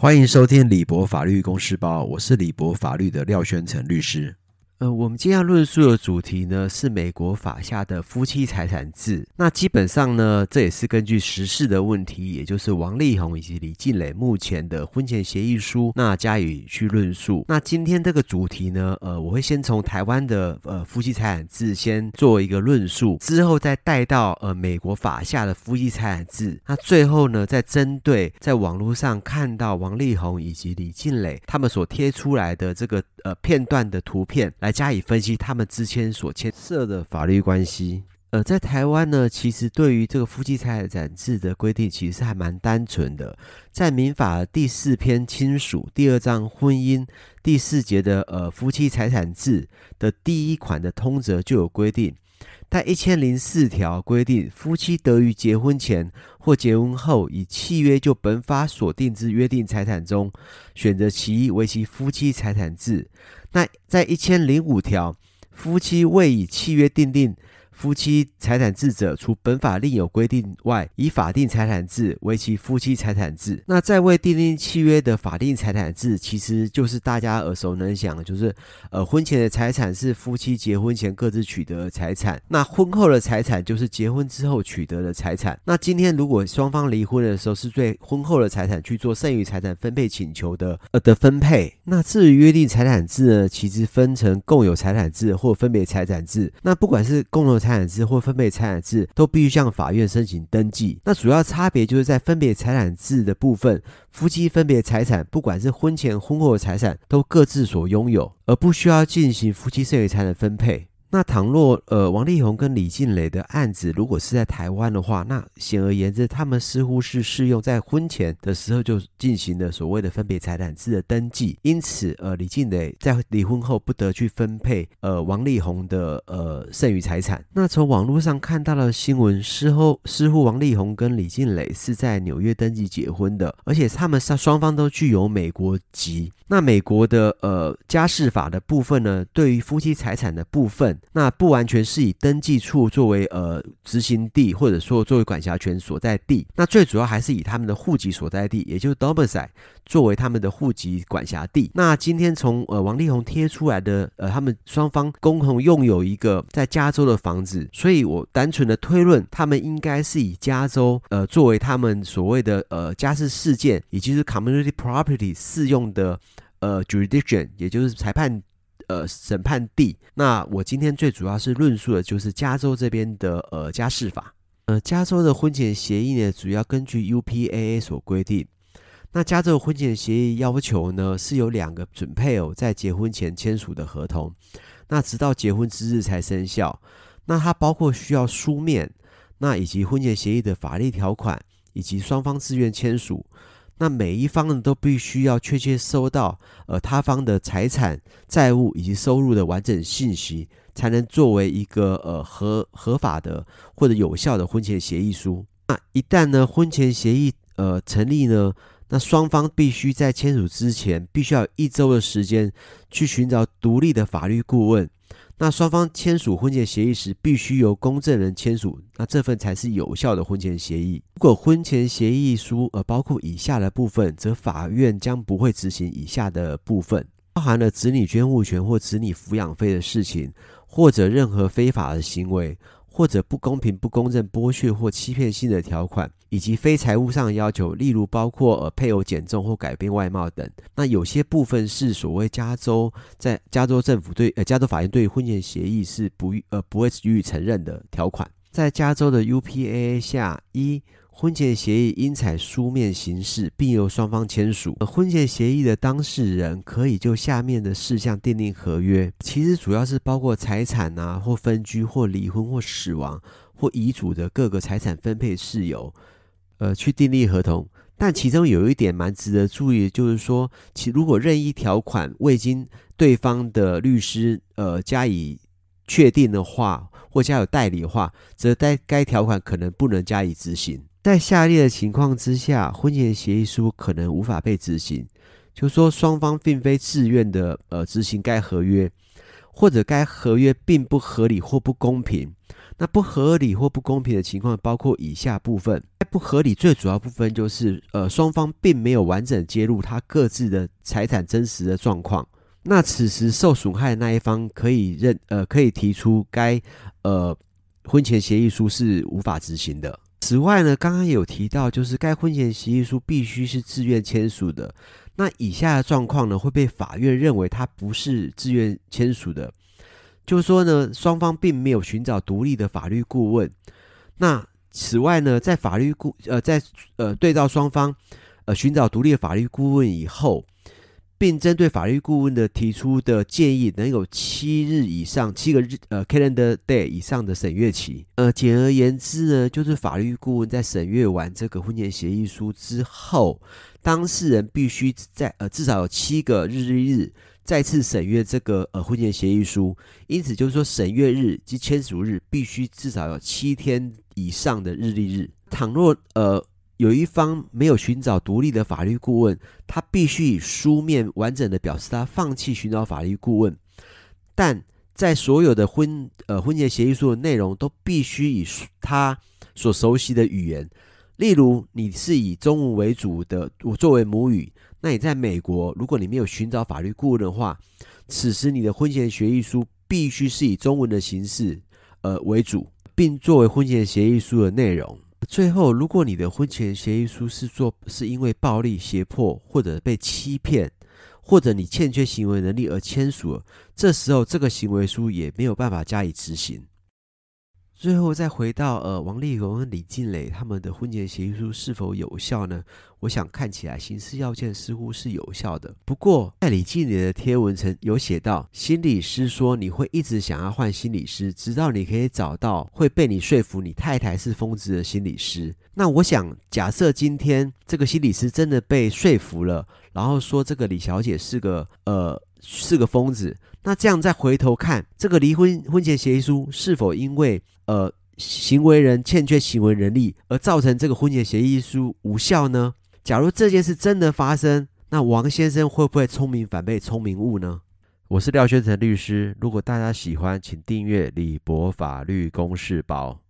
歡迎收聽李博法律公司報，我是李博法律的廖宣成律師。呃，我們今天要論述的主題呢，是美國法下的夫妻財產制。那基本上呢，這也是根據時事的問題，也就是王力宏以及李靚蕾目前的婚前協議書，那加以去論述。那今天這個主題呢，呃，我會先從台灣的呃夫妻財產制先做一個論述，之後再帶到呃美國法下的夫妻財產制。那最後呢，再針對在網絡上看到王力宏以及李靚蕾他們所貼出來的這個呃片段的圖片來。加以分析他們之間所牽涉的法律關係。呃，在台灣呢，其實對於這個夫妻財產制的規定，其實還蠻單純的。在民法第四篇親屬第二章婚姻第四節的呃夫妻財產制的第一款的通則就有規定。但一千零四條規定，夫妻得於結婚前或結婚後，以契約就本法所定之約定財產中選擇其一為其夫妻財產制。那在一千零五條，夫妻未以契約訂定，定。夫妻財產制者，除本法另有規定外，以法定財產制為其夫妻財產制。那在未訂立契約的法定財產制，其實就是大家耳熟能詳的，就是呃，婚前的財產是夫妻結婚前各自取得的財產，那婚後的財產就是結婚之後取得的財產。那今天如果雙方離婚的時候，是對婚後的財產去做剩餘財產分配請求的呃的分配。那至於約定財產制呢，其實分成共有財產制或分別財產制。那不管是共有財產制或分配財產制都必須向法院申請登記。那主要差別就是在分別財產制的部分，夫妻分別財產，不管是婚前、婚後的財產，都各自所擁有，而不需要進行夫妻剩餘財產的分配。那倘若呃王力宏跟李靚蕾的案子，如果是在台灣的話，那顯而言之，他們似乎是適用在婚前的時候就進行了所謂的分別財產制的登記，因此呃李靚蕾在離婚後不得去分配呃王力宏的呃剩餘財產。那從網絡上看到的新聞，事後似乎王力宏跟李靚蕾是在紐約登記結婚的，而且他們雙方都具有美國籍。那美國的呃家事法的部分呢，對於夫妻財產的部分，那不完全是以登記處作為呃執行地，或者說作為管轄權所在地。那最主要還是以他們的戶籍所在地，也就是 domicile 作為他們的戶籍管轄地。那今天從呃王力宏貼出來的呃他們雙方共同擁有一個在加州的房子，所以我單純的推論，他們應該是以加州呃作為他們所謂的呃家事事件，以及是 Community Property 適用的。呃，jurisdiction，也就是裁判，呃，審判地。那我今天最主要是論述的就是加州這邊的，呃，家事法。呃，加州的婚前協議呢，主要根據 UPAA 所規定。那加州婚前協議要求呢，是有兩個準配偶在結婚前簽署的合同，那直到結婚之日才生效。那它包括需要書面，那以及婚前協議的法律條款，以及雙方自願簽署。那每一方呢，都必須要確切收到呃他方的財產、債務以及收入的完整信息，才能作為一個呃合、合法的或者有效的婚前協議書。那一旦呢婚前協議呃成立呢，那雙方必須在簽署之前，必須要有一周的時間去尋找獨立的法律顧問。那雙方簽署婚前協議時，必須由公證人簽署，那這份才是有效的婚前協議。如果婚前協議書呃包括以下的部分，則法院將不會執行以下的部分，包含了子女監護權或子女撫養費的事情，或者任何非法的行為，或者不公平、不公正、剝削或欺騙性的條款。以及非財務上的要求，例如包括呃配偶減重或改變外貌等。那有些部分是所謂加州，在加州政府對呃加州法院對婚前協議是不呃不會予以承認的條款。在加州的 UPAA 下，一婚前協議應採書面形式，並由雙方簽署。婚前協議的當事人可以就下面的事項訂立合約，其實主要是包括財產啊，或分居、或離婚、或死亡、或遺囑的各個財產分配事由。呃，去訂立合同，但其中有一點蠻值得注意，就是說，其如果任意條款未經對方的律師呃加以確定的話，或加以代理的話，則該該條款可能不能加以執行。在下列的情況之下，婚前協議書可能無法被執行，就是說雙方並非自願的呃執行該合約，或者該合約並不合理或不公平。那不合理或不公平的情況包括以下部分：不合理最主要部分就是，呃，雙方並沒有完整揭露他各自的財產真實的狀況。那此時受損害的那一方可以認，呃，可以提出該，呃，婚前協議書是無法執行的。此外呢，剛剛有提到，就是該婚前協議書必須是自願簽署的。那以下的狀況呢，會被法院認為他不是自願簽署的。就是說呢，雙方並沒有尋找獨立的法律顧問。那此外呢，在法律顧呃，在呃對照雙方呃尋找獨立的法律顧問以後。並針對法律顧問的提出的建議，能有七日以上、七個日呃 calendar day 以上的審閱期。呃，簡而言之呢，就是法律顧問在審閱完這個婚前協議書之後，當事人必須在呃至少有七個日曆日再次審閱這個呃婚前協議書。因此，就是說審閱日及簽署日必須至少有七天以上的日曆日。倘若呃。有一方沒有尋找獨立的法律顧問，他必須以書面完整的表示他放棄尋找法律顧問。但在所有的婚呃婚前協議書的內容都必須以他所熟悉的語言，例如你是以中文為主的，我作為母語，那你在美國，如果你沒有尋找法律顧問的話，此時你的婚前協議書必須是以中文的形式呃為主，並作為婚前協議書的內容。最後，如果你的婚前協議書是做，是因為暴力脅迫，或者被欺騙，或者你欠缺行為能力而簽署了，這時候這個行為書也沒有辦法加以執行。最後再回到呃，王力宏和李靚蕾他們的婚前協議書是否有效呢？我想看起來形式要件似乎是有效的。不過在李靚蕾的貼文層有寫到，心理師說你會一直想要換心理師，直到你可以找到會被你說服你太太是瘋子的心理師。那我想假設今天這個心理師真的被說服了，然後說這個李小姐是個呃。是個瘋子，那這樣再回頭看這個離婚婚前協議書是否因為呃行為人欠缺行為能力而造成這個婚前協議書無效呢？假如這件事真的發生，那王先生會不會聰明反被聰明誤呢？我是廖宣成律師，如果大家喜歡，請訂閱李博法律公事包。